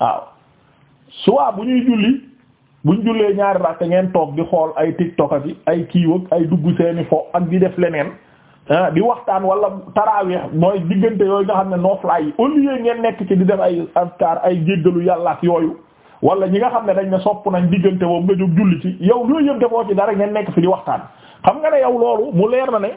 waaw soit bu ñuy julli buñ jullee ñaari rakk ngeen toog di xool ay tiktok ak ay kiiwag ay dugg seeni fo ak di def leneen ah, di waxtaan wala taraweex mooy diggante yooyu nga xam ne nooflaay yi au lieu ngeen nekk ci di def ay afkaar ay jéggalu yàlla yooyu wala ñi nga xam ne dañ ne sopp nañ diggante boobu nga jóg julli ci yow yooyu yëpp defoo ci dara ngeen nekk fi di waxtaan xam nga ne yow loolu mu leer na ne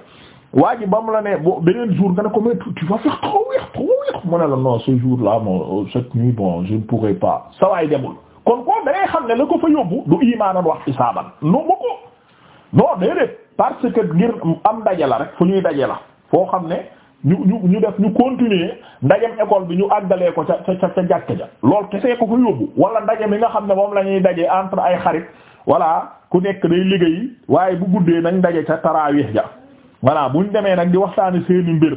waa ji ba mu la ne bon beneen jour nga ne ko mais tu vas faire trop weex trop mu ne la non ce jour là bon euh, cette nuit bon je ne pourrai pas sa demul kon koo da xam ne la ko fa yóbbu du imaanan wax ci saaban non ba ko non déedéet parce que ngir am daje la rek fu ñuy daje la foo xam ne ñu ñu ñu def ñu continuer ndajem école bi ñu àggalee ko ca ca ca jàkk ja lool kesee ko fa yóbbu wala ndaje mi nga xam ne moom la ñuy daje entre ay xarit voilà ku nekk day liggéey waaye bu guddee nañ daje ca taraawih voilà buñ demee nag di waxtaane seeni mbir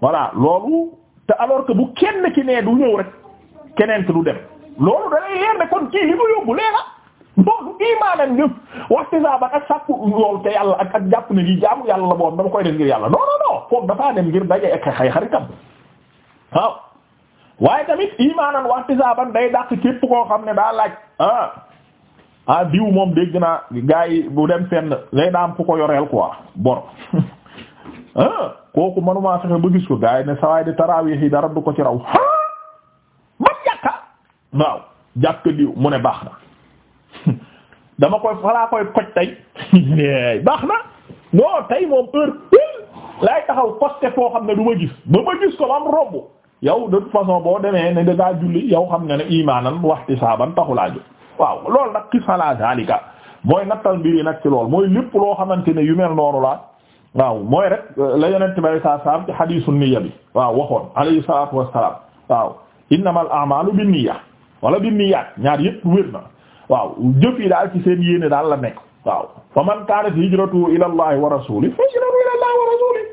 voilà loolu te alors que bu kenn ki nee du ñëw rek keneen ki du dem loolu da lay leer ne kon kii li mu yóbbu leera loolu imaanan ngëm waxti saa ba ak sàkku loolu te yàlla ak ak jàpp ne gi jaamu yàlla la boom dama koy def ngir yàlla non non non foog dafaa dem ngir daje ak xay xaritam waaw waaye tamit imaanan waxti saa ban day dàq képp koo xam ne daa laaj ah ah diw moom dégg naa gaa yi bu dem fenn lay daam fu ko yoreel quoi bor ah kooku manumaa fexe ba gis ko gars yi ne sawaay de tarawih yi dara du ko ci raw a man jàkka waaw jàkka diw mu ne baax na dama koy falaa koy koj tey baax na non tey moom heure pile laay taxaw posté foo xam ne du ma gis ba ma gis ko ba am robb yow façon boo demee ne dangaa julli yow xam ne ne imaanan waxti saaban taxulaa jóg waaw loolu nag xis ala zalika mooy nattal mbiri nag ci lool mooy lépp loo xamante ne yu mel noonu la waaw mooy rek la yonent bay saa saam ci hadiisu niyya bi waaw waxoon alayhi salaatu wassalaam waaw innamal a'maalu binniyya wala binniyyaat ñaar yëpp wér na waaw jëf yi daal ci seen yéene daal la nekk waaw fa man kaanat hijratuhu ila allahi wa rasuulihi fa hijratuhu wa rasuulihi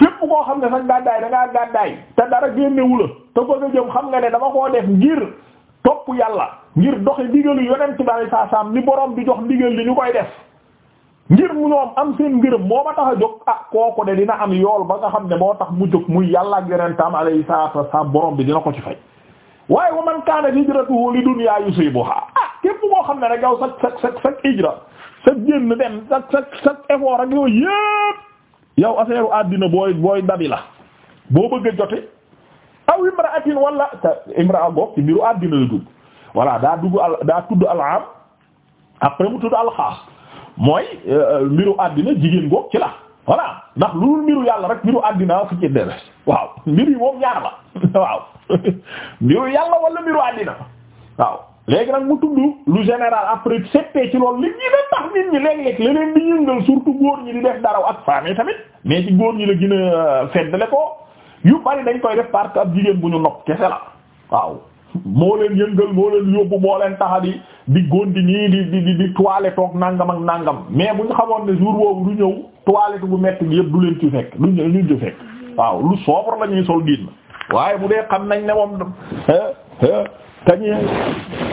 képp koo xam ne sax gàddaay da ngaa te dara génnewu la te bëgg a jëm xam nga ne dama koo def ngir topp yàlla ngir doxi ndigalu yonent bay saa saam ni borom bi jox ndigal li ñu koy def ngir mu ñoom am seen ngërëm moo ma tax a jóg ah kooku de dina am yool ba nga xam ne moo tax mu jóg mu yàlla ak yonentam alayhi salaatu saa borom bi dina ko ci fay waaye wa man kaanat hijratuhu li dunyaa yusibuha ah képp koo xam ne rek yow sa sa sa sa hijra sa génn dem sa sa sa effort yooyu yépp yow affaire àddina booy booy dabi la boo bëgg a jote aw imra'atin wala ta imra'a goog ci mbiru àddina la dugg voilà daa dugg al daa tudd al après mu tudd mooy euh, mbiru àddina jigéen goog ci la voilà ndax lu dul mbiru yàlla rek mbiru àddina fi ci waaw mbir yi moom ñaar mbiru yàlla wala mbiru àddina waaw léegi nag mu tudd lu général après seppee ci loolu li ñu ne tax nit ñi léeg-léeg leneen di yëngal surtout góor ñi di def daraw ak femme yi tamit mais ci góor ñi la gën a euh, feddale ko yu bari dañ koy def parce que ab jigéen bu ñu nopp kese la waaw moo leen yëngal moo leen yóbbu moo leen taxa di di gondi nii di di di toilette toog ak nangam mais bu ñu xamoon ne jour boobu du ñëw toilette bu metti bi yëpp du leen ci fekk du ñu du ci fekk waaw lu sobre la sol génn waaye bu dee xam nañ ne moom kañu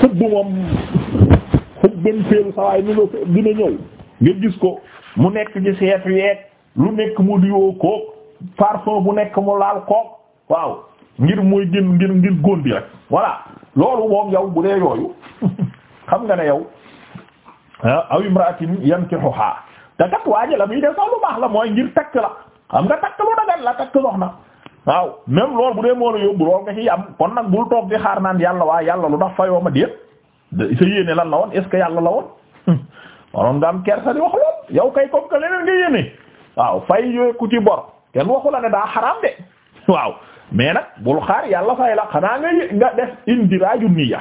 xubb moom xubban féelu sawaay ni nga dina ñëw nga gis ko mu nekk ci seetu yeeg lu nekk mu diwoo kook parfum bu nekk mu laal kook waaw ngir mooy gën ngir ngir góndi rek voilà loolu moom yow bu dee yooyu xam nga ne yow ah, aw imraatin yankihuha te kat waa ji la muy def sax baax la mooy ngir takk la xam nga takk lu dagan la takk na waaw même loolu bu dee moo la yóbbu loolu nga ci am kon nag bul toog di xaar naan yàlla waa yàlla lu tax fayoo ma sa yéene la woon est-ce yàlla la woon waroon nga am kersa di wax lool yow kay comme que leneen nga yéene waaw fay ku ci bor kenn waxu la ne daa xaraam de waaw mais nag bul xaar yàlla fay la xanaa nga nga def indiraaju niyya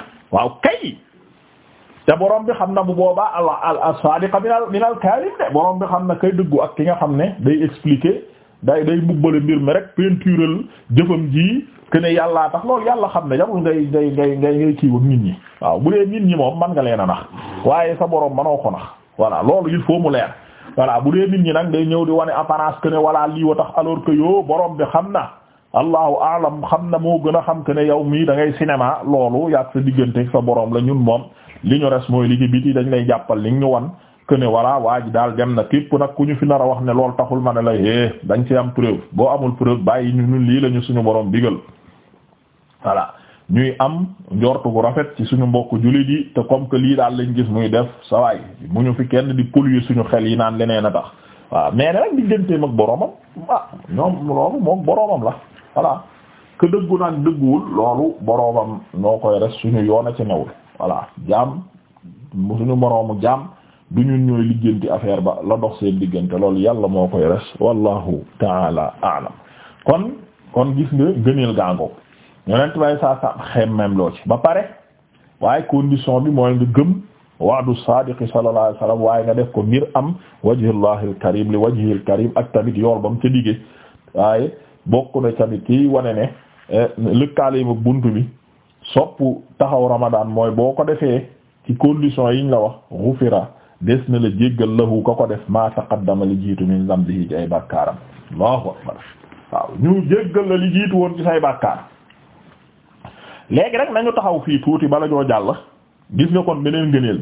te borom bi xam na bu boobaa al al as-sadiq min al karim de borom bi xam na kay dëggu ak ki nga xam ne day expliquer day day mbubbale mbir mi rek peinturel jëfam ji que ne yàllaa tax loolu yàlla xam ne jamul ngay ngay ngay ngay ngay kii ak nit ñi waaw bu dee nit ñi moom man nga leen a nax waaye sa borom manoo ko nax voilà loolu il faut mu leer voilà bu dee nit ñi nag day ñëw di wane apparence que ne voilà lii wa tax alors que yoo borom bi xam na allahu alam xam na moo gën a xam que ne yow mii da ngay cinéma loolu yàgg sa diggante sa borom la ñun moom. li ñu res mooy li ci biti dañ lay jàppal li ñu wan que ne voilà waa ji daal dem na képp nag ku ñu fi nar a wax ne lool taxul ma ne la é eh, dañ ci am preuve boo amul preuve bàyyi ñu ñun lii la ñu suñu borom digal voilà ñuy am njortu bu rafet ci suñu mbokk jullit yi te comme que lii daal lañu gis muy def sawaay mu ñu fi kenn di polluer suñu xel yi naan leneen a tax waaw mais nag digganteem ak boromam ah ñoom loolu moom boromam la voilà que dëggu naan dëgguwul loolu boromam noo koy res a ci newul voilà jaam suñu moroomu jaam du ñun ñooy liggéenti affaire ba la dox seen diggante loolu yàlla moo koy res wallahu taala alam kon kon gis nga gëneel gaangoog ñonent bay saa sa xem même loo ci ba pare waaye condition bi mooy nga gëm wa'du sadiqi sallallahu alayhi waaye nga def ko ngir am wajhullahi alkarim li wajhi alkarim ak tamit yool bam ca diggee waaye bokk na tamit kiy wane ne eh, lëkkaale yi ma bunt bi soppu taxaw Ramadan mooy boo ko defee ci condition yiñ la wax ghufira des na la jéggal lahu ka ko def ma taqaddama li jiitu ay bàkkaaram waaw ñu jéggal la li jiitu woon ci say bàkkaar nañu taxaw fii tuuti bala ñoo gis nga kon beneen ngëneel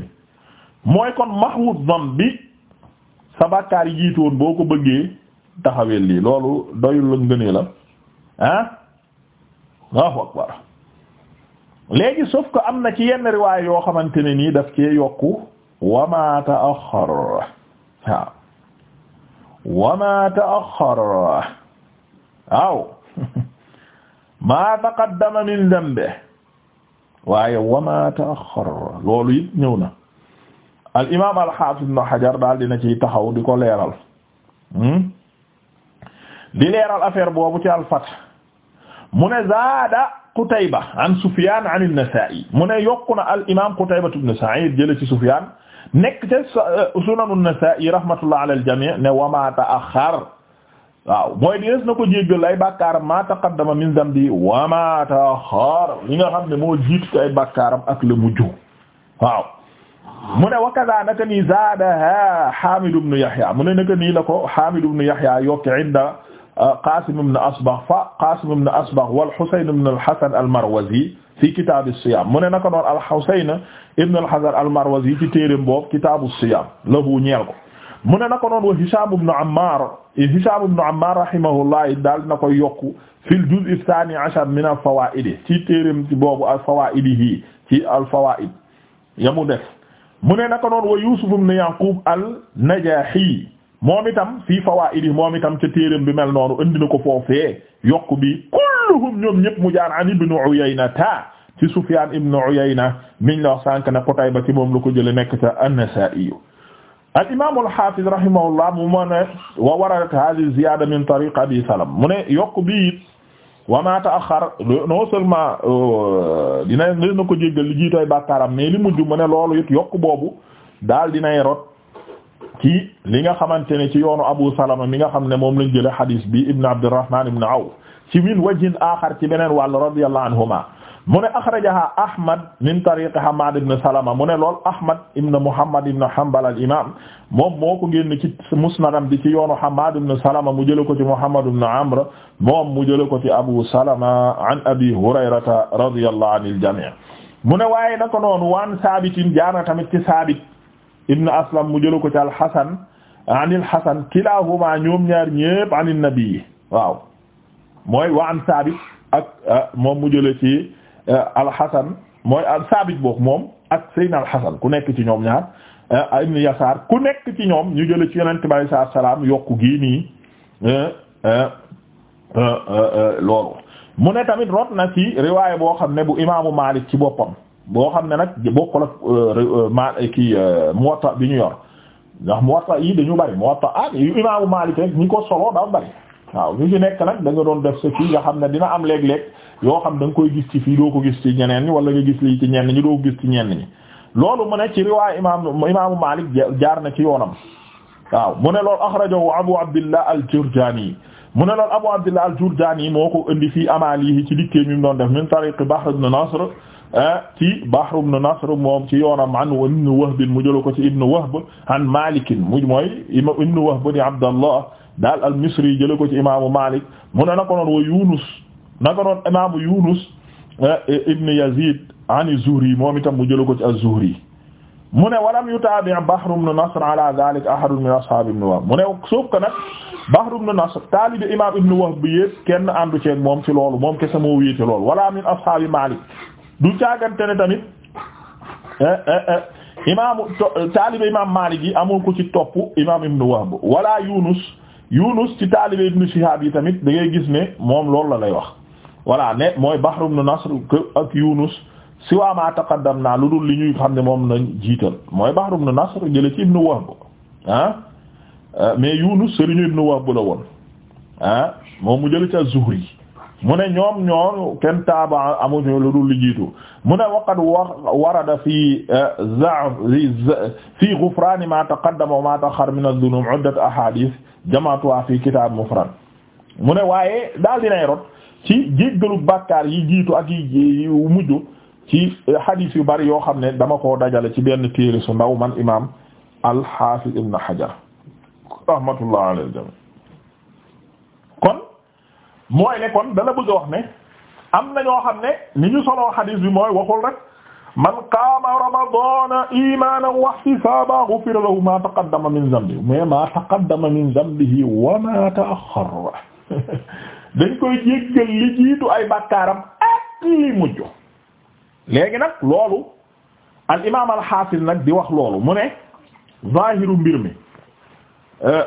mooy kon mahwu zam bi yi jiitu boo ko bëggee taxawee lii loolu doyul la ngënee la ah allahu léegi sauf que am na ci yenn riwaay yoo xamante ne nii daf cee yokku wama ta'akhkhar waaw wama ta'akhkhar waaw min dambe waaye wama ta'akhkhar loolu it ñëw na al imaam al haafis ibn Hajar daal dina ciy taxaw di ko leeral hmm? di leeral affaire boobu ci al Fath mu ne zaada Qutayba an Sufyan an an-Nasa'i mu ne yokku na al imam Qutayba ibn Sa'id jële ci Sufyan nekk ca euh, Sunan an-Nasa'i rahmatullah ala al-jami' ne wa ma ta'akhkhar waaw mooy dees na ko jéggal ay bàkkaaram ma taqaddama min zambi wa ma ta'akhkhar li nga xam ne moo jiitu ay bàkkaaram ak la mujj waaw mu ne wa kadha naka nii zaadaha Hamid ibn Yahya mu ne naka nii la ko Hamid ibn Yahya yokk inda Qaasim ibn Asbax fa Qaasim ibn Asbax wal Husayn ibn al-Hasan al-Marwazi fi kitaab as-siyaam mu ne naka noonu al-Husayn ibn al-Hasan al-Marwazi ci téereem boobu kitaabu as-siyaam lahu ñeel ko mu ne naka noonu wa Hicham ibn Ammar Hicham ibn Ammar rahimahullah daal na koy yokku fil juz' ath-thaani 'ashar min al-fawaa'id ci téereem boobu al-fawaa'idihi ci al-fawaa'id yamu def mu ne naka noonu wa Yuusuf ibn Yaquub an-Najaahi moom itam fii fawaa'idi moom itam ca téereem bi mel noonu andi na ko foofee yokku bi kulluhum ñoom ñëpp mu jaan an ibnu Uyayna ta ci Sufyaan ibnu Uyayna miñ la wax sànq ne Qutayba ci moom lu ko jëlee nekk ca An-Nasaa'i al imaam al haafiz rahimahullah mu ma ne wa waradat haadihi ziyaada min tariq Abi Salam mu ne yokk bi it wa maa ta'axxar non seulement euh, ko jéggal li jiitooy mais li mujj mu ne loolu it yokk boobu daal dinay rot. ci li nga xamante ne ci yoonu Abu Salama mi nga xam ne moom lañ jëlee hadis bi Ibn Abdurrahman ibn Awf ci min wajhin aaxar ci beneen wàll radiyallahu anhuma mu ne Ahmad min tariqi Hamad ibn Salama mu ne lool Ahmad ibn Muhammad ibn Hanbal al imaam moom moo ko génn ci musnadam bi ci yoonu Hamad ibn Salama mu jëlee ko ci Muhammad ibn Amr moom mu jëlee ko ci Abu Salama an Abi Hurayrata radiyallahu anil jamii mu ne waaye naka noonu waan saabitin jaana tamit ci saabit ibn aslam mu jëla ko ci alxasan an ilxasan kilahuma ñoom ñaar ñépp an innabii waaw mooy wa an sabit ak ah, moom mu jële ci ah, alxasan mooy sabit boobu moom ak saydna alxasan ku nekk ci ñoom ñaar ah, ibn yasaar ku nekk ci ñoom ñu jële ci yonente bi alayhi salaatu salaam yokku gii nii loolu mu ne tamit rot na ci riwaaya boo xam ne bu imaamu Maalik ci boppam boo xam ne nag bokkul ak euh, euh, ma kii euh, Muwatta bi ñu yor ndax Muwatta yi dañu bari Muwatta ah imaamu Maalik rek ñi ko solo daa bari waaw ñu ci nekk nag da nga doon def sa kii nga xam ne dina am léeg-léeg yoo xam da koy gis ci fii doo ko gis ci ñeneen ñi wala nga gis lii ci ñenn ñi doo ko gis ci ñenn ñi loolu mu ne ci riwaay imaam imaamu Maalik jaar na ci yoonam waaw mu ne lool loolu axrajahu Abu Abdillah al-Jurjani mu ne loolu Abu Abdillah al-Jurjani moo ko indi fii amaalihi ci dikkee mi mu doon def min tariq Bahr ibn Nasr Ah ci Bahr ibn Nasr moom ci yoonam an ibn Wahb mu jël ko ci ibn Wahb an Malik mu mooy ibn Wahb di Abdallah daal al-Misri jël ko ci imaamu Malik mu ne naka noonu wa Yunus naka noonu imaamu Yunus eh, eh, ibn Yazid an az-Zuhri moom itam mu jël ko ci az-Zuhri mu ne walam yutaabi' Bahr ibn Nasr ala dhalika ahad min ashab ibn Wahb mu ne sauf que nag Bahr ibn Nasr taalibi imaam ibn Wahb bi yépp kenn àndu ceeg moom ci loolu moom kese moo wéete loolu wala min ashab Malik du caagante ne tamit eh, eh, eh, imaamu taalibe imaam Maalik yi amul ko ci topp imaam Ibn Wahb wala Yunus Yunus ci taalibe Ibn Shihab yi tamit da ngay gis ne moom loolu la lay wax voilà ne mooy Bahr ibn Nasr ak Yunus si waa ma taqaddam naa lu dul li ñuy xam ne moom lañ jiital mooy Bahr ibn Nasr jële ci Ibn Wahb ah mais Yunus sëriñu Ibn Wahb la woon ah moom mu jële ci az-Zuhri mu ne ñoom ñoom kenn taaba amuñu lu dul li jiitu mu ne waqad warada fi eh, za fi ghufrani ma taqaddama wa ma ta'akhkhara min adh-dhunub 'uddat ahadith jama'tuha fi kitab mufrad mu ne waaye daal dinay rot ci jéggalu bàkkaar yi jiitu ak yi mujj ci hadith yu bari yoo xam ne dama koo dajale ci benn téere su ndaw man imam al-hafiz ibn hajar rahmatullah alayhi mooy ne kon dana bëgg a wax ne am na ñoo xam ne ni ñu soloo xadiis bi mooy waxul rek man qaama ramadana imanan wa ihtisaban ghufira lahu ma taqaddama min zambi mais ma taqaddama min zambihi wa ma ta'akhkhara dañ koy jéggal li jiitu ay bàkkaaram ak li mujj léegi nag loolu al imam al hafiz nag di wax loolu mu ne zahiru mbir mi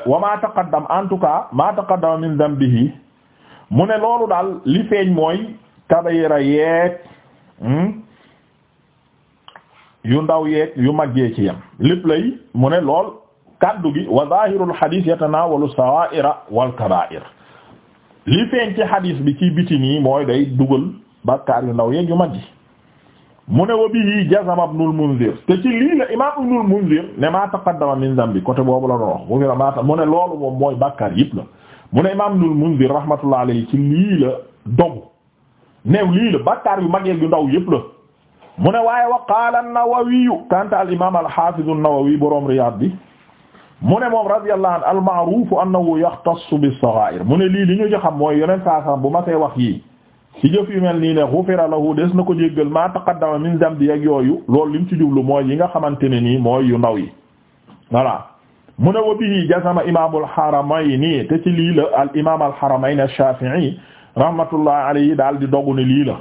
wa ma taqaddam en tout cas ma taqaddama min zambihi mu ne loolu daal li feeñ mooy kabayira yeeg hmm, yu ndaw yeeg yu maggee ci yam lépp lay mu ne lool kaddu gi wa zahirul hadith yatanawalu sawaira wal kaba'ir li feeñ ci hadith bi ci biti mooy day dugal bakkaar yu ndaw yeeg yu mag yi mu ne wa bihi jazama ibnul munzir te ci lii la imam ibnul munzir ne ma taqaddama min zambi côté boobu la doon wax mu ne loolu moom mooy bakkaar yëpp la mu ne imaam Ibnul Munzir rahmatullah ci lii la dogu neew lii la yu mag yu ndaw yépp la mu ne waaye wa qaala an-Nawawi kanta al imaam al-Haafiz an-Nawawi boroom Riyaad bi mu ne moom radiyallahu anhu al-ma'ruuf annahu yaxtassu bis-saghaa'ir mu ne lii li ñu ci xam mooy yeneen saa bu ma see wax yii ci jëf yu mel nii ne ghufira lahu des na ko jéggal ma taqaddama min dambi yooyu loolu lim ci jublu mooy yi nga xamante ne nii mooy yu ndaw yi voilà mu ne wa bihi jazama imaamul haramayni te ci lii la al imaam al haramayni ash-Shafi'i rahmatullahi alayhi daal di dogu ne lii la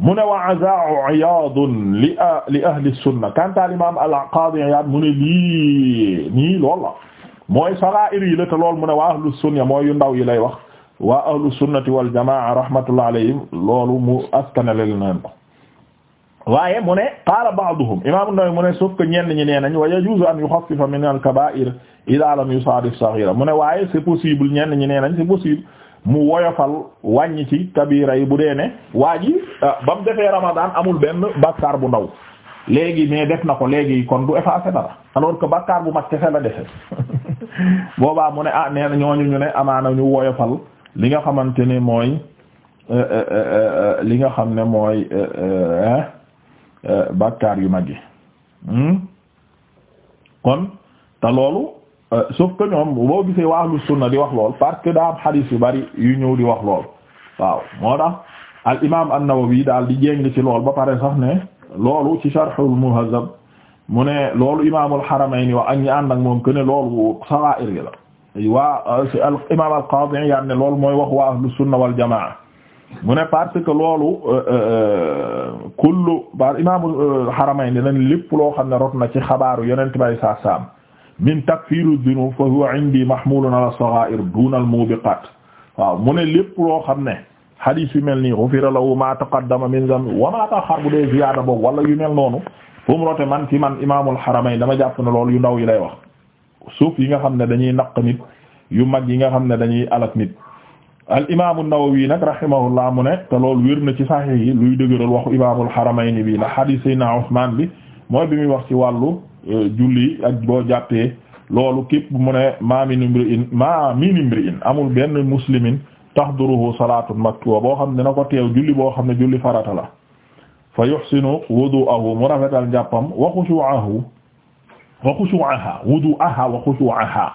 mu ne wa azaa Iyaad li li ahli sunna kanta al imaam al qaadi Iyaad mu ne lii nii lool la mooy saraa'ir yi la te lool mu ne waa ahlu sunna mooy yu ndaw yi lay wax waa ahlu sunnati wal jamaa rahmatullahi alayhim loolu mu askanale leen ko waaye mu ne qaala ba'duhum imam an-Nawawi mu ne sauf que ñenn ñi nee nañ wa yajuuzu an yukhaffifa min al-kabaa'ir idha lam yusaadif saghira mu ne waaye c'est possible ñeen ñi nee nañ c'est possible mu woyofal wàññi ci kabira yi bu dee ne waa ji ah, ba mu defee ramadan amul benn bakkaar bu ndaw léegi mais def na ko léegi kon du effacé dara alors que bakkaar bu mag kese la defe boobaa mu ne ah nee na ñooñu ñu ne amaana ñu woyofal li nga xamante ne mooy eh, eh, eh, li nga xam ne mooy Euh, bàkkaar yu mag yi hmm? kon te loolu euh, sauf que ñoom boo gisee waa ahlu sunna di wax lool parce que daa am yu bari yu ñëw di wax lool waaw moo tax al imaam an-Nawawi daal di jéng ci lool ba pare sax ne loolu ci Sharhul Muhazzab mu ne loolu imaamul Haramayni wax ak ñi ànd ak moom que ne loolu sawaa'ir la waa euh, al imaam al-Qaadi Iyaad ne loolu mooy wax waa ahlu sunna wal jamaa mu ne parce que loolu euh, euh, euh, kullu ba imaamu Haramayni ne lépp loo xam ne rot na ci xabaaru yonent bay saa saam min takfiru dunub fa huwa indi mahmulun ala sagha'ir duna al mubiqat waaw mu ne lépp loo xam ne hadith yu mel nii ghufira lahu ma taqaddama min dhanbi wa ma ta'akhkhar bu dee ziyaada boobu wala yu mel noonu fu mu rote man ci man imaamul Haramayni dama jàpp ne loolu yu ndaw yi lay wax suuf yi nga xam ne dañuy naq nit yu mag yi nga xam ne dañuy alak nit al imaamu Nawawi nag rahimahullah mu ne te loolu wér na ci Sahih yi luy dëgëral waxu imaamul Haramayni bi la hadith Seydina Usmaan bi mooy bi muy wax ci wàllu euh, julli ak boo jàppee loolu képp mu ma min imri'in amul benn muslimin tahduruhu salaatun maktuba boo xam ne dina ko teew julli boo xam ne julli farata la fa yuhsinu wudu'ahu mu rafetal njàppam wa khushu'ahu wa wudu'aha wa khushu'aha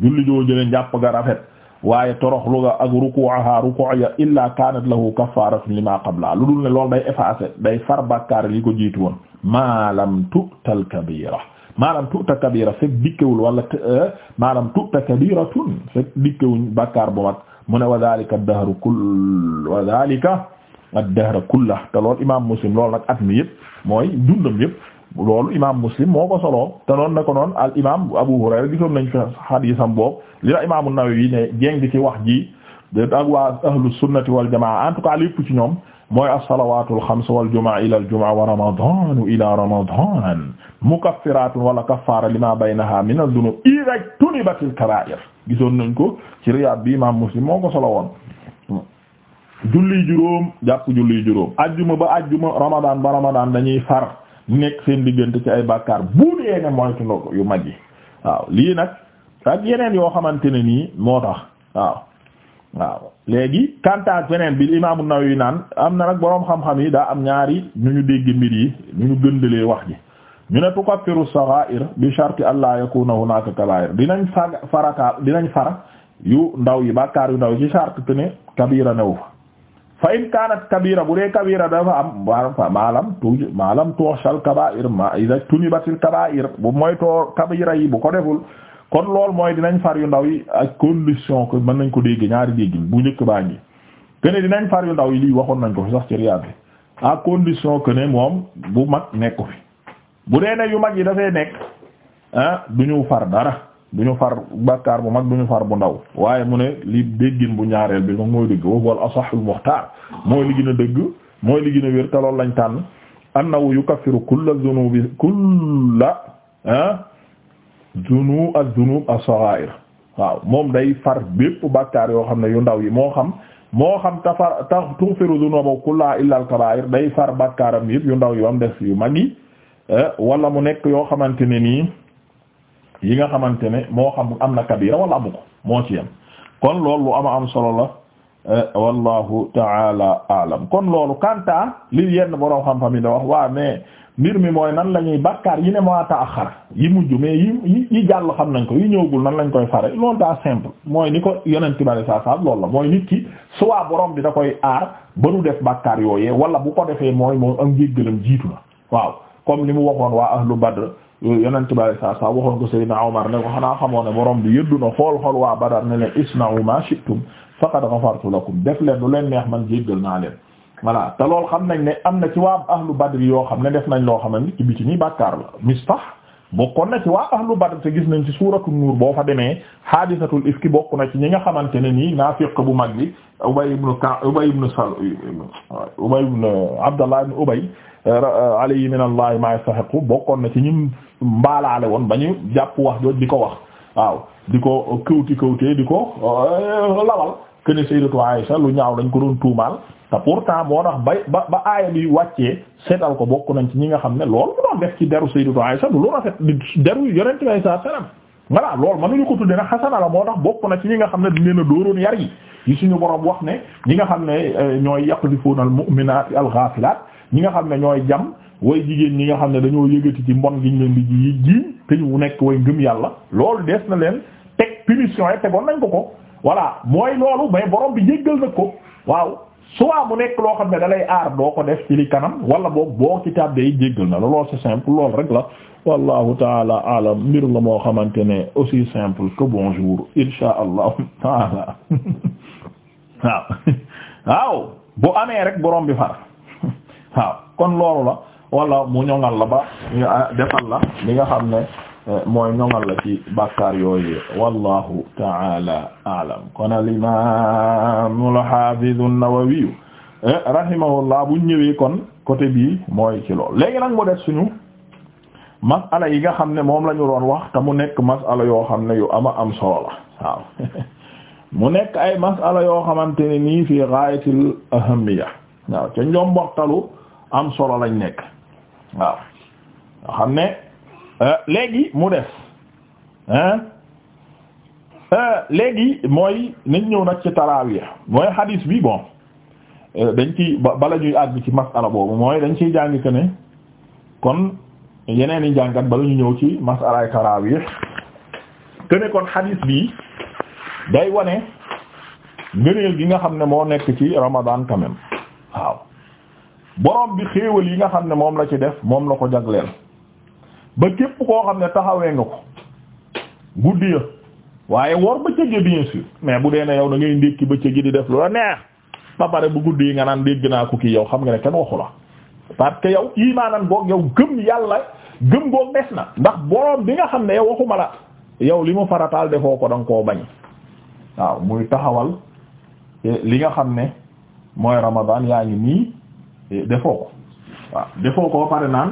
julli joo jële ga rafet waaye toroxlu ga ak ruku'aha ruku'ya illa kanat lahu kaffaratun lima qabla lu dul ne loolu day effacer day far bàkkaar li ko jiitu woon maalam tu'tal kabira maalam tu'ta kabira fekk dikkewul wala eh, maalam tu'ta kabiratun fekk dikkewuñ bàkkaar bu mag mu ne wa dhalika ad-dahru kull wa dhalika ad-dahru kullah te lool imam muslim lool nag at mi yëpp mooy dundam yëpp loolu imaam muslim moo ko soloo te noonu na ko noon al imaam Abu Hurayra gisoon nañ fi xadiisam boobu li la imaam An-Nawawi ne jéng ci wax ji ak waa ahlu sunnati en tout cas lépp ci ñoom mooy as-salawaatul xams wal jumaa ila al jumaa wa ramadaanu ila ramadaan mukaffiratun wala kaffaara lima baynaha min ad-dunub idha ijtunibatil kabaa'ir gisoon nañ ko ci Riyaad bi imaam muslim moo ko solo woon julli juróom jàpp julli juróom ajjuma ba ajjuma ramadan ba ramadan dañuy far nekk seen diggante ci ay bàkkaar bu dee ne moytu ndox yu mag yi waaw lii nag ak yeneen yoo xamante ne nii moo tax waaw waaw léegi kantaak beneen bi imaamu Nawawi naan am na nag boroom xam-xam yi daa am ñaari ñu ñu dégg mbir yi ñu ñu gëndalee wax ji ñu ne tukaffiru sagha'ir bi sharti Allah yakuna hunaka kaba'ir dinañ fag farataal dinañ fara yu ndaw yi bàkkaar yu ndaw yi ci charte te ne kabira new fa in kaanat kabira bu dee kabira dafa am maalam tuuj maalam tuuxal kabaa'ir ma iza tunibatil kabaa'ir bu moytoo kabira yi bu ko deful kon lool mooy dinañ far yu ndaw yi ak condition que mën nañ ko dégg ñaari dégg bu njëkk baa ngi que ne dinañ far yu ndaw yi lii waxoon nañ ko fi sax ci riyaat bi à condition que ne moom bu mag nekku fi bu dee ne yu mag yi dafay nekk ah du ñu far dara du ñu far bàkkaar bu mag du ñu far bu ndaw waaye mu ne lii déggin bu ñaareel bi moom mooy dëgg wal asahul muxtaar mooy li gën a dëgg mooy li a wér lañ tànn annahu yukaffiru kulla dhunubi kulla ah dhunu adh-dhunub as-sagha'ir waaw moom day far bépp bàkkaar yoo xam ne yu ndaw yi moo xam moo xam tafar ta tughfiru dhunuba kulla illa al day far bàkkaaram yëpp yu ndaw yi bam des yu mag yi eh, wala mu nekk yoo xamante ne nii yi nga xamante ne moo xam am na kabira wala amu ko moo ci yem kon lool lu ama am solo la eh, wallahu taala alam kon loolu kanta li yenn borom xam-xam yi da wax waa mi mooy nan la ñuy bàkkaar yi ne moo taaxar yi mujj mais yi yi jàll xam nañ ko yi ñëwgul nan lañ koy fare loolu daa simple mooy ni ko yonenti bari saa saa lool la mooy nit ki soit borom bi da koy aar ba du def bàkkaar yooyee wala bu ko defee mooy moom am njéggalam jiitu na waaw comme li mu waxoon waa ahlu badr yonent bi saa saa waxoon ko Seydina Omar ne ko xanaa xamoon ne borom bi yëddu na xool xool waa Badar ne leen isna'u ma shi'tum faqad ghafartu lakum def leen lu leen neex man jéggal naa leen. voilà te lool xam nañ ne am na ci waa ahlu Badr yoo xam ne def nañ loo xam ne ci biti ni bàkkaar la Mistah bokkoon na ci waa ahlu Badr te gis nañ ci suuratu nuur boo fa demee haadisatul ki bokk na ci ñi nga xamante ne nii naafiq bu mag bi Ubay ibn Ka Ubay ibn Sal Ubay ibn Abdallah ibn Ubay Euh, alayhi min allahi ma yastahiqu bokkoon na ci ñun mbaalaale woon ba ñu jàpp wax jooj di ko wax waaw di ko kawti kawtee di ko euh, lawal kene sayyidatu Aisha lu ñaaw dañ ko doon tuumaal te pourtant moo tax bay ba ba aaya bi wàccee seetal ko bokk nañ ci ñi nga xam ne lool mu doon def ci deru sayyidatu Aisha du lu rafet di deru yonent bi saa salaam voilà loolu mënuñu ko tudde nag xasana la moo tax bokk na ci ñi nga xam ne dañ leen a dooroon yar yi yi suñu borom wax ne ñi nga xam ne euh, ñooy yaqdifuuna al mu'minaati al ghafilaat ñi nga xam ne ñooy jam way jigéen ñi nga xam ne dañoo yëgati ci mbon giñ leen di ji jiiñ te ñu nekk way ngëm yàlla loolu dees na leen teg punition yi tegoon nañ ko ko voilà mooy loolu mais borom bi jéggal ko waaw soit mu nekk loo xam ne da lay doo ko def ci wala boobu boo ci tàbbee jéggal na la loolu c'est simple loolu rek la wallahu taala alam mbir la moo xamante ne aussi simple que bonjour insha allahu taala waaw waaw bu amee rek borom bi far waaw kon loolu la wala mu ñoŋal la ba ah, defal la li nga xam ne eh, mooy ñoŋal la ci bàkkaar yooyu wallahu taala aalam kon al imaam al haafiz an bu ñëwee kon côté bii mooy ci lool léegi nag mu def suñu masala yi nga xam ne moom lañu ñu doon wax te mu nekk masala yoo xam ne yu ama am solo la waaw mu nekk ay masala yoo xamante ne nii fi gaayatil ahamiya waaw ca njom waxtalu am solo lañ nekk waaw nga xam ne euh, léegi mu des hein euh, léegi mooy nañ ñëw nag ci taraawiya mooy hadis bi bon euh, dañ ci bala ñuy àgg ci masala boobu mooy dañ ciy jàng que ne kon yeneen i jàngat bala ñu ñëw ci masalaay taraawiya que ne kon hadis bi day wane ngëneel gi nga xam ne moo nekk ci Ramadan quand borom bi xéewal yi nga xam ne moom la ci def moom la ko jagleel ba képp koo xam ne taxawee nga ko guddi ya waaye wor bëccëg yi bien sûr mais bu dee ne yow na ngay ndékki bëccëg yi di def lu la neex ba pare bu guddi yi nga naan dégg naa ko kii yow xam nga ne kenn waxu la parce que yow iimaanan boog yow gëm yàlla gëm boog des na ndax borom bi nga xam ne yow waxuma la yow li mu farataal defoo ko da nga koo bañ waaw muy taxawal eh, li nga xam ne mooy Ramadan yaa defoo ko waaw defoo ko pare naan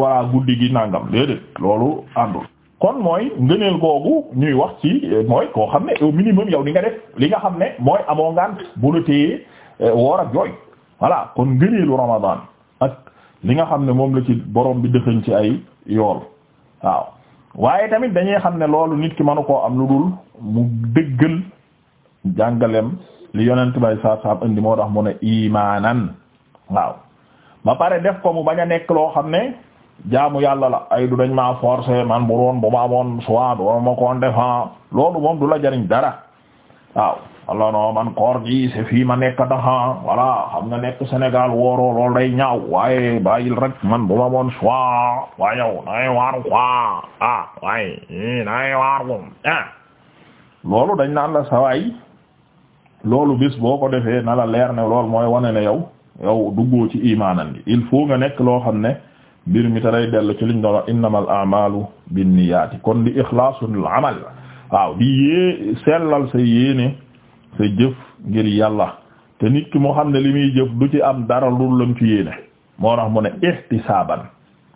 walla euh, guddi gi nàngam déedéet loolu àndul kon mooy ngëneel googu ñuy wax ci euh, mooy koo xam ne au minimum yow di nga def li nga xam ne mooy amoo ngant bu la téye euh, woor kon ngëneelu ak li nga xam ne moom la ci borom bi dëxëñ ci ay yool waaw waaye tamit dañuy xam ne loolu nit ki mënu koo am lu dul mu dëggal jàngaleem li yonent bay saab saab indi moo tax mu ne waaw ba pare def ko mu bañ a nekk loo xam ne jaamu yàlla la ay du dañ maa forcer man bu ma amoon soit du ma ko defan loolu moom du la jariñ dara waaw walla non man koor gi c'est fii ma nekk daxa voilà xam na nekk Sénégal wooroo loolu day ñaaw waaye bàyyil rek man bu ma amoon soit waa yow na ngay waaru quoi ah waaye eh, ah. loolu dañ naan la sawaay loolu bis boo ko defee na la leer ne loolu mooy wane ne yow yow duggoo ci imaanan il faut nga nekk loo xam ne mbir mi te day dellu ci liñ doon wax innamal a'malu binniyaati kon di ixlaasul amal waaw di yée sellal sa yéene sa jëf ngir yàlla te nit ki moo xam ne li muy jëf du ci am dara lu lam ci yéene moo tax mu ne ihtisaaban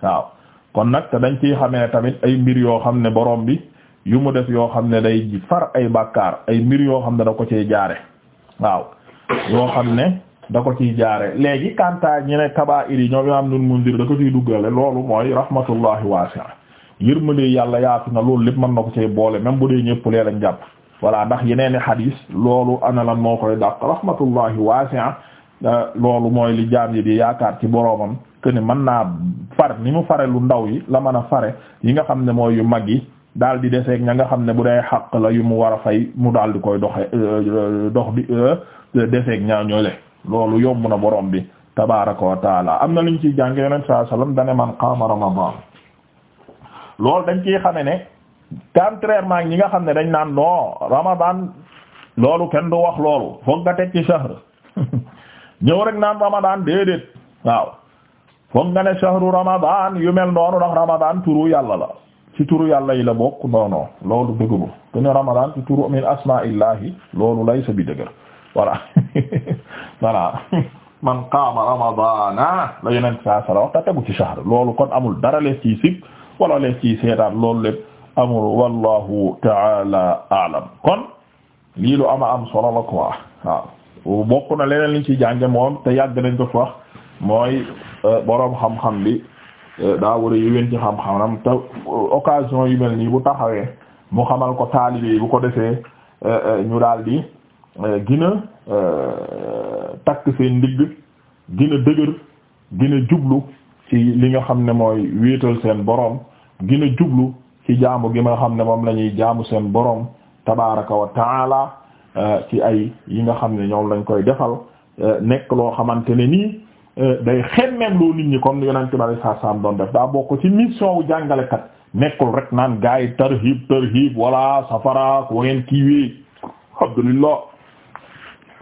waaw kon nag te dañ ciy xamee tamit ay mbir yoo xam ne borom bi yu mu def yoo xam ne day far ay bàkkaar ay mbir yoo xam ne da ko cee jaare waaw yoo xam ne da ko ciy jaare léegi kanta ñi ne kabaa'ir yi ñoom imaam nun mundir da ko ciy duggale loolu mooy rahmatullahi ma yërmande yàlla yaatu na loolu lépp man na ko cee boole même bu dee ñëpp lee lañ jàpp voilà ndax yeneeni xadiis loolu ana moo koy dàq rahmatullahi waasi'a loolu mooy li jaam yi di yaakaar ci boroomam que ne man naa far ni mu fare lu ndaw yi la man a fare yi nga xam ne mooy yu mag yi daal di deseeg ña nga xam ne bu dee xaq la yu mu war a fay mu daal di koy doxe euh, euh, dox di euh, ñaa ñoo loolu yomb na boroom bi tabaraka wa am na luñ ciy jànge yonent saa sallam dane man qaama ramadan loolu dañ ciy xame ne contrairement ñi nga xam ne dañ naan non ramadan loolu kenn du wax loolu foog nga teg ci shahr ñëw rek naan ramadan déedéet waaw foog nga ne shahru ramadan yu mel noonu ndax ramadan turu yàlla la ci turu yàlla yi la bokk non non loolu dëgëru te ne ramadan ci turu min asmaillahi loolu lay bi dëgër voilà voilà man qaama ramadana la yonent saa sala wax tegu ci shahr loolu kon amul dara lees ciy sib wala lees ciy seetaan loolu lépp amul wallahu taala alam kon lii lu ama am solo la quoi waaw bokk na leneen liñ ci jànge moom te yàgg nañ ko wax mooy euh, boroom xam-xam bi euh, daa yi a yéwén ci xam-xamam te euh, occasion yu mel nii bu taxawee mu xamal ko taalibe yi bu ko defee ñu daal di Euh, gina euh, takk seen ndigg gina dëgër gina jublu ci li nga xam ne mooy wéetal seen boroom gina jublu ci jaamu gi nga xam ne moom lañuy ñuy jaamu seen boroom tabaraka wa euh, ci ay yi nga xam ne ñoom lañ koy defal nekk loo xamante ne nii day xemmem loo nit ñi comme ni yonente bari saa saam doon def daa ko ci mission wu jàngalekat nekkul rek naan gaay tarhib tarhib wala safara ko ngeen kiiwee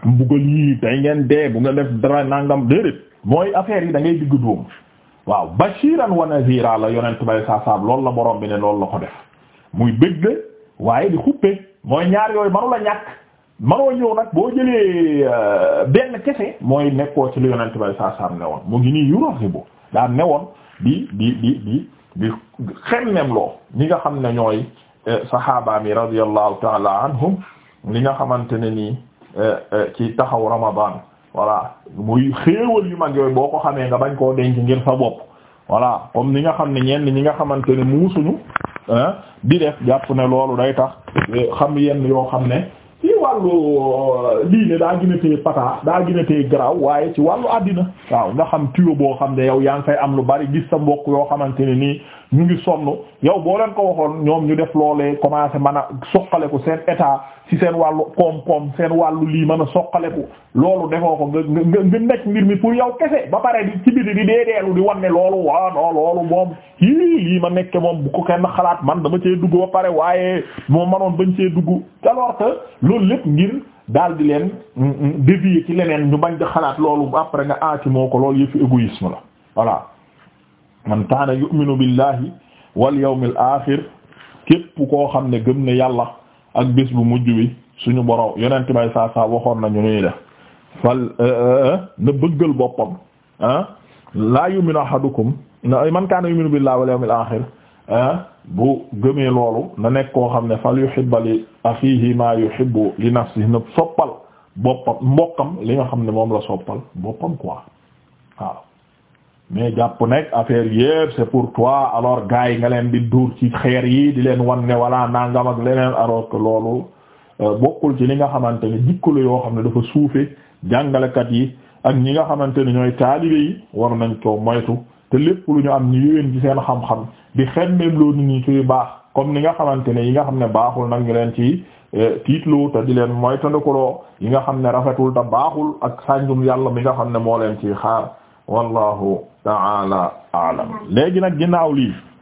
mbugal yi tey ngeen dee bu nga def dara nangam déedéet mooy affaire yi da ngay digg dóomu waaw bashiran wa nazira la yonent bay saasaam loolu la borom bi ne loolu la ko def muy bëgg waaye di xuppe mooy ñaar yooyu manu la ñàkk manoo ñëw nag boo jëlee euh, benn kese mooy nekkoo ci lu yonent bay saasaam ne woon mu ngi nii yuraxibu daa ne woon di di di di di xemmem loo ñi nga xam ne ñooy euh, saxaabaami radiyallahu ta'ala anhum li nga xamante ne nii e ci taxaw Ramadan voilà muy xéewal yu mag yooyu boo ko xamee nga bañ koo denc ngir sa bopp voilà comme ni nga xam ne ñenn ñi nga xamante ne muusuñu eh, di def jàpp ne loolu day tax xam yenn yoo xam ne wàllu euh, diine daa gën a téye pata daa gën a téye garaaw waaye ci wàllu àddina waaw nga xam tuyau boo xam ne yow yaa ngi fay am lu bari gis sa mbokk yoo xamante ne nii ñu ngi sonn yow boo leen ko waxoon ñoom ñu def loolee commencé mën a soqaleku seen état ci seen wàllu koom-koom seen wàllu lii na a soqaleku loolu defoo ko nga nga nga nekk mbir mi pour yow kese ba pare di ci biti di deedeelu di wan ne loolu waaw non loolu moom yii lii ma nekke moom bu ko kenn xalaat man dama cee dugg ba pare waaye moo manoon lépp ngir daal di leen mm, mm, dévier ci leneen ñu bañ di xalaat loolu après nga aati moo ko loolu yëfi égoïsme la voilà man kaana yu'minu billahi wal yawmil aaxir képp koo xam ne gëm ne yàlla ak bés bu mujj bi suñu borom yonent bay saa saa waxoon nañu ñuy def fal eh, eh, eh, na bëggal boppam ah laa yu'minu ahadukum man kaana yu'minu billahi wal Ah, bu gëmee loolu na nekk koo xam ne fal yuhibba li akhihi ma yuhibbu li nafsihi na soppal boppam mbokkam li nga xam ne moom la soppal boppam quoi waaw mais jàpp nekk affaire yépp c'est pour toi alors gars yi nga leen di duur ci xeer yi di leen wan ne wala nangam ak leneen alors que loolu euh, bokkul ci li nga xamante ne jikkalu yoo xam ne dafa suufe jàngalekat yi ak ñi nga xamante ne ñooy taalibe yi war nañ ko moytu te lépp lu ñu am ñu yéwén ci seen xam-xam di xemmeem loo ñu ñi ci baax comme ni nga xamante ne yi nga xam ne baaxul nag ñu leen ci eh, tiitlu te di leen mooy tandakoloo yi nga xam ne rafetul te baaxul ak sànjum yàlla mi nga xam ne moo leen ci xaar wallahu ta'ala a'lam léegi nag ginnaaw lii